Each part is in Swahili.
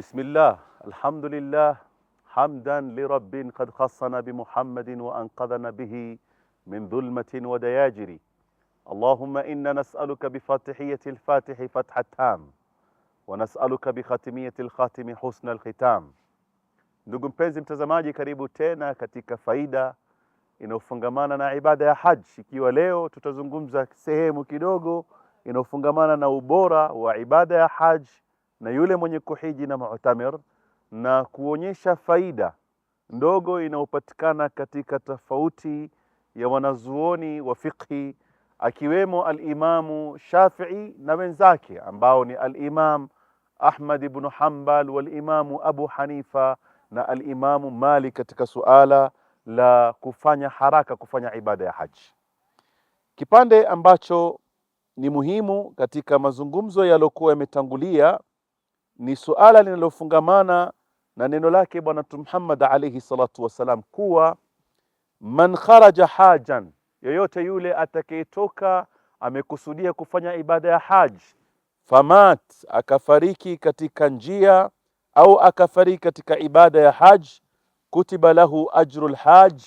بسم الله الحمد لله حمدا لرب قد خصنا بمحمد وأنقذنا به من ظلمة ودياجر اللهم إنا نسألك بفاتحية الفاتح فتح التام ونسألك بختمية الخاتم husna الختام Ndugu mpenzi mtazamaji, karibu tena katika faida inayofungamana na ibada ya haji. Ikiwa leo tutazungumza sehemu kidogo inayofungamana na ubora wa ibada ya haji na yule mwenye kuhiji na mu'tamir, na kuonyesha faida ndogo inayopatikana katika tofauti ya wanazuoni wa fiqhi akiwemo alimamu Shafi'i na wenzake ambao ni alimam Ahmad ibn Hanbal wal-Imamu Abu Hanifa na alimamu Malik katika suala la kufanya haraka kufanya ibada ya haji. Kipande ambacho ni muhimu katika mazungumzo yaliokuwa yametangulia ni suala linalofungamana na neno lake Bwana Mtume Muhammad alayhi salatu wasalam kuwa man kharaja hajan, yoyote yule atakayetoka amekusudia kufanya ibada ya haj famat, akafariki katika njia au akafariki katika ibada ya haj kutiba lahu ajrul haj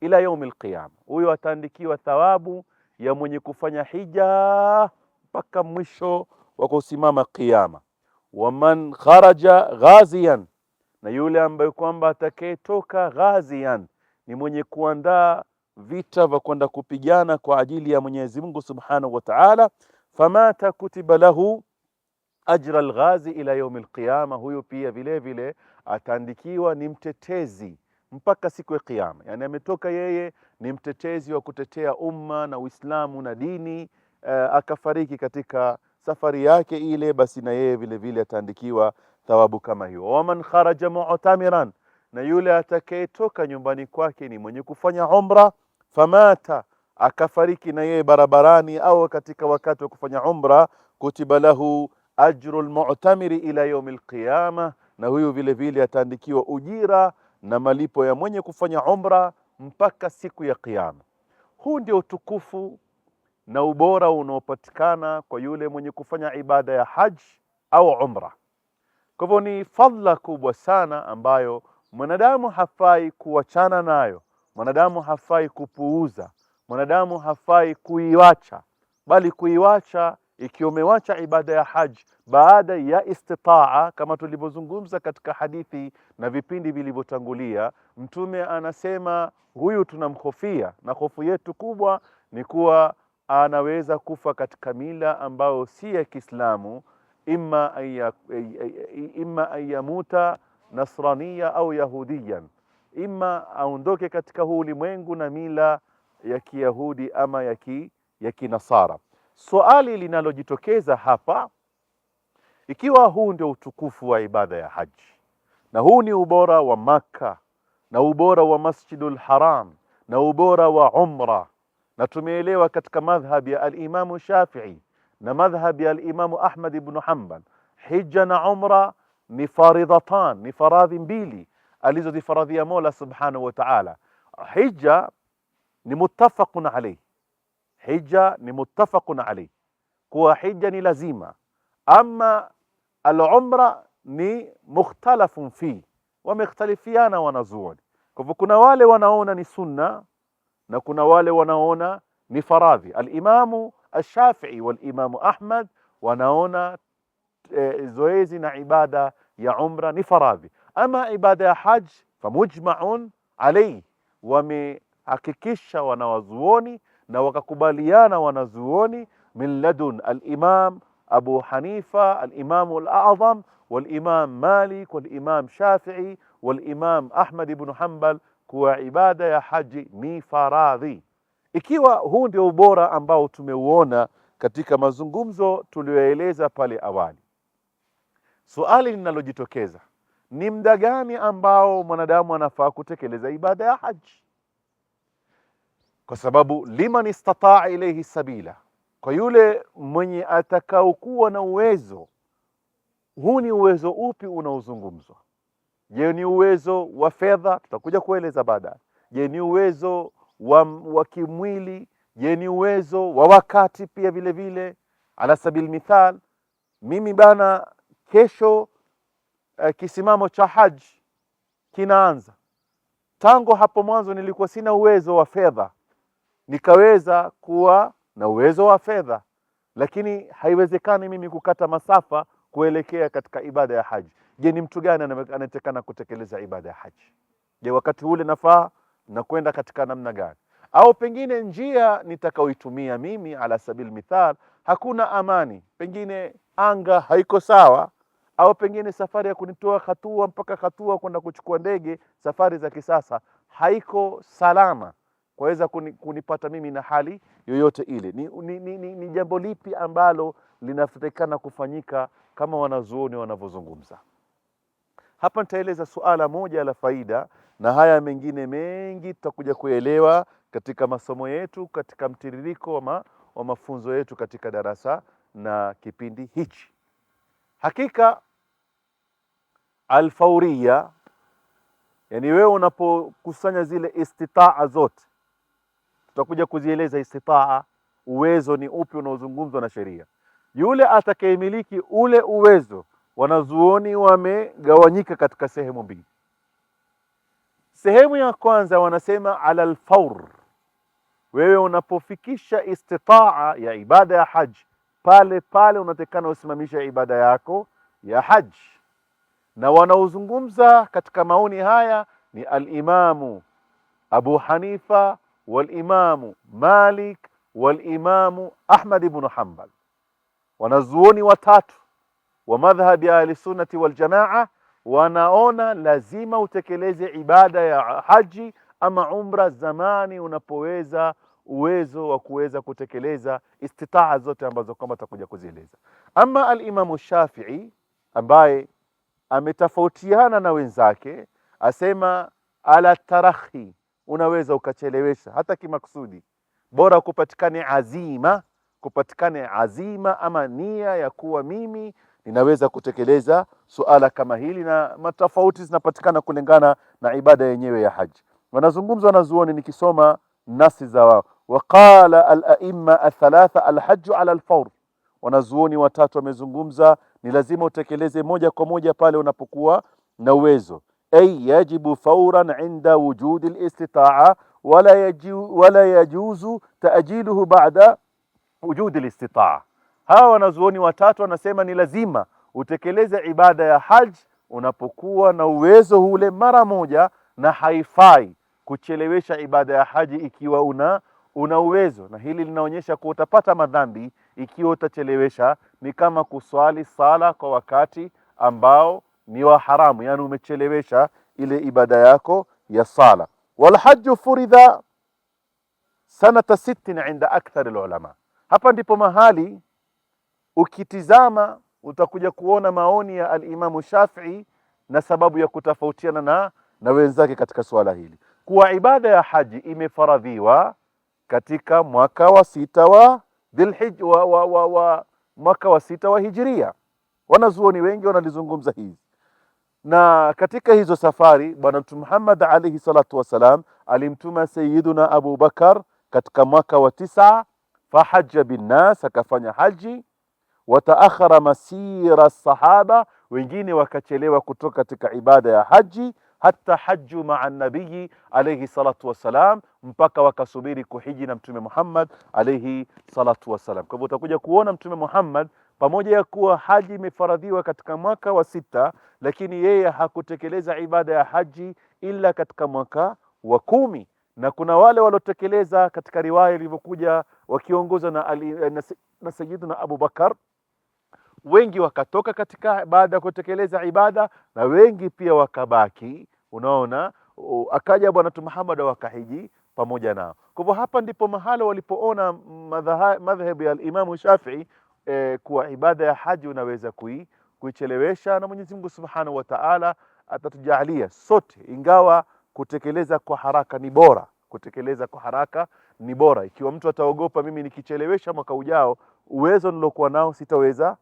ila yaumil lqiyama huyo ataandikiwa thawabu ya mwenye kufanya hija mpaka mwisho wa kusimama kiyama waman kharaja ghazian, na yule ambaye kwamba atakayetoka ghazian, ni mwenye kuandaa vita vya kwenda kupigana kwa ajili ya Mwenyezi Mungu Subhanahu wa Ta'ala, famata kutiba lahu ajra alghazi ila yaumi alqiyama, huyu pia vile vile ataandikiwa ni mtetezi mpaka siku ya Kiyama. Yani ametoka yeye ni mtetezi wa kutetea umma na Uislamu na dini uh, akafariki katika safari yake ile, basi na yeye vile vile ataandikiwa thawabu kama hiyo. Waman kharaja mu'tamiran, na yule atakayetoka nyumbani kwake ni mwenye kufanya umra, famata akafariki na yeye barabarani au katika wakati wa kufanya umra, kutiba lahu ajru lmu'tamiri ila yaumi alqiyama, na huyu vile vile ataandikiwa ujira na malipo ya mwenye kufanya umra mpaka siku ya Kiyama. Huu ndio utukufu na ubora unaopatikana kwa yule mwenye kufanya ibada ya haji au umra. Kwa hivyo ni fadhila kubwa sana ambayo mwanadamu hafai kuachana nayo, mwanadamu hafai kupuuza, mwanadamu hafai kuiwacha, bali kuiwacha ikiwa umewacha ibada ya haji baada ya istitaa, kama tulivyozungumza katika hadithi na vipindi vilivyotangulia, Mtume anasema huyu tunamhofia, na hofu yetu kubwa ni kuwa anaweza kufa katika mila ambayo si ya Kiislamu, imma an yamuta nasrania au yahudiyan, imma aondoke katika huu ulimwengu na mila ya Kiyahudi ama ya ki ya Kinasara. Swali linalojitokeza hapa, ikiwa huu ndio utukufu wa ibada ya haji na huu ni ubora wa Makka na ubora wa Masjidul Haram na ubora wa umra na tumeelewa katika madhhab ya alimamu Shafii na madhhab ya alimamu Ahmad ibn Hanbal, hija na umra ni faridhatan, ni faradhi mbili alizozifaradhia Mola subhanahu wa ta'ala. Hija ni muttafaqun alayh, hija ni muttafaqun alayh, kuwa hija ni lazima. Ama al-umra ni mukhtalafun fi, wamekhtalifiana wanazuoni. Kwa hivyo kuna wale wanaona ni sunna na kuna wale wanaona ni faradhi. Alimamu Ashafii walimamu Ahmad wanaona e, zoezi na ibada ya umra ni faradhi. Ama ibada ya haji famujmaun alaihi, wamehakikisha wanawazuoni na wakakubaliana wanazuoni min ladun alimam Abu Hanifa alimamu al-a'zam walimam Malik walimam Shafii walimam Ahmad ibn Hanbal kuwa ibada ya haji ni faradhi. Ikiwa huu ndio ubora ambao tumeuona katika mazungumzo tuliyoeleza pale awali, suali linalojitokeza ni muda gani ambao mwanadamu anafaa kutekeleza ibada ya haji, kwa sababu liman istataa ilaihi sabila, kwa yule mwenye atakaokuwa na uwezo. Huu ni uwezo upi unaozungumzwa? Je, ni uwezo wa fedha? Tutakuja kueleza baadaye. Je, ni uwezo wa, wa kimwili? Je, ni uwezo wa wakati pia vile vile? Ala sabil mithal, mimi bana, kesho eh, kisimamo cha haji kinaanza. Tangu hapo mwanzo nilikuwa sina uwezo wa fedha, nikaweza kuwa na uwezo wa fedha, lakini haiwezekani mimi kukata masafa kuelekea katika ibada ya haji. Je, ni mtu gani anayetakana kutekeleza ibada ya haji? Je, wakati ule nafaa na kwenda katika namna gani? Au pengine njia nitakaoitumia mimi ala sabil mithal, hakuna amani, pengine anga haiko sawa, au pengine safari ya kunitoa hatua mpaka hatua kwenda kuchukua ndege, safari za kisasa haiko salama kwaweza kunipata mimi na hali yoyote ile. Ni, ni, ni, ni, ni jambo lipi ambalo linatakikana kufanyika kama wanazuoni wanavyozungumza? Hapa nitaeleza suala moja la faida, na haya mengine mengi tutakuja kuelewa katika masomo yetu, katika mtiririko wa, ma, wa mafunzo yetu katika darasa na kipindi hichi. Hakika alfauria, yani wewe unapokusanya zile istitaa zote, tutakuja kuzieleza istitaa, uwezo ni upi unaozungumzwa na sheria. Yule atakayemiliki ule uwezo Wanazuoni wamegawanyika katika sehemu mbili. Sehemu ya kwanza wanasema ala alfaur, wewe unapofikisha istitaa ya ibada ya haji pale pale unatekana usimamisha ibada yako ya haji, na wanaozungumza katika maoni haya ni alimamu Abu Hanifa walimamu Malik walimamu Ahmad ibn Hanbal, wanazuoni watatu wa madhhabi ahli sunnati wal jamaa wanaona lazima utekeleze ibada ya haji ama umra zamani unapoweza uwezo wa kuweza kutekeleza istitaa zote ambazo kwamba tutakuja kuzieleza. Ama alimamu Shafii ambaye ametofautiana na wenzake asema, ala tarahi, unaweza ukachelewesha hata kimakusudi, bora kupatikane azima, kupatikane azima ama nia ya kuwa mimi linaweza kutekeleza suala kama hili, na matofauti zinapatikana kulingana na ibada yenyewe ya haji. Wanazungumza wanazuoni, nikisoma nasi za wao, waqala alaima athalatha alhaju ala alfaur, wanazuoni watatu wamezungumza ni lazima utekeleze moja kwa moja pale unapokuwa na uwezo ay yajibu fawran inda wujudi listitaa wala yajuzu tajiluhu bada wujudi listitaa Hawa wanazuoni watatu wanasema ni lazima utekeleze ibada ya haji unapokuwa na uwezo ule mara moja, na haifai kuchelewesha ibada ya haji ikiwa una una uwezo. Na hili linaonyesha kuwa utapata madhambi ikiwa utachelewesha. Ni kama kuswali sala kwa wakati ambao ni wa haramu, yani umechelewesha ile ibada yako ya sala. Walhaju furidha sanata sittin inda akthar lulama hapa ndipo mahali Ukitizama utakuja kuona maoni ya alimamu Shafii na sababu ya kutofautiana na, na wenzake katika suala hili kuwa ibada ya haji imefaradhiwa katika mwaka wa sita wa Dhulhijj wa, wa, wa, wa, mwaka wa sita wa hijria Wanazuoni wengi wanalizungumza hivi, na katika hizo safari Bwana Mtume Muhammad alayhi salatu wassalam alimtuma Sayyiduna Abu Bakar katika mwaka wa tisa, fahaja binnas, akafanya haji wataakhara masira sahaba, wengine wakachelewa kutoka katika ibada ya haji hata haju maa nabiyi alayhi salatu wassalam, mpaka wakasubiri kuhiji na Mtume Muhammad alayhi salatu wassalam. Kwa hivyo utakuja kuona Mtume Muhammad pamoja ya kuwa haji imefaradhiwa katika mwaka wa sita, lakini yeye hakutekeleza ibada ya haji ila katika mwaka wa kumi, na kuna wale waliotekeleza katika riwaya ilivyokuja wakiongozwa na, na Sayyidina Abu Bakar wengi wakatoka katika baada ya kutekeleza ibada na wengi pia wakabaki. Unaona, akaja Bwana tu Muhammad wakahiji pamoja nao. Kwa hivyo hapa ndipo mahala walipoona madhhabu ya Imamu Shafii e, kuwa ibada ya haji unaweza kui, kuichelewesha na Mwenyezi Mungu Subhanahu wa Ta'ala atatujalia sote, ingawa kutekeleza kwa haraka ni bora, kutekeleza kwa haraka ni bora. Ikiwa mtu ataogopa, mimi nikichelewesha mwaka ujao, uwezo nilokuwa nao sitaweza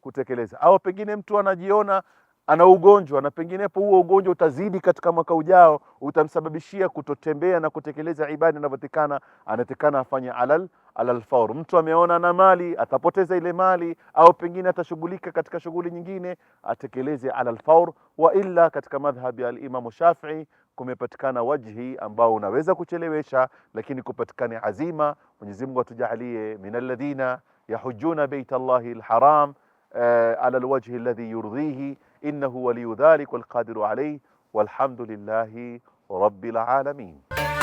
kutekeleza, au pengine mtu anajiona ana ugonjwa na penginepo huo ugonjwa utazidi katika mwaka ujao, utamsababishia kutotembea na kutekeleza ibada inavyotekana, anatekana afanye alal alal faur. Mtu ameona na mali atapoteza ile mali, au pengine atashughulika katika shughuli nyingine, atekeleze alal faur. Wa illa katika madhhabi ya Alimamu Shafii kumepatikana wajhi ambao unaweza kuchelewesha, lakini kupatikana azima. Mwenyezi Mungu atujalie min alladhina yahujuna baita Allahi alharam آه، على الوجه الذي يرضيه إنه ولي ذلك والقادر عليه والحمد لله رب العالمين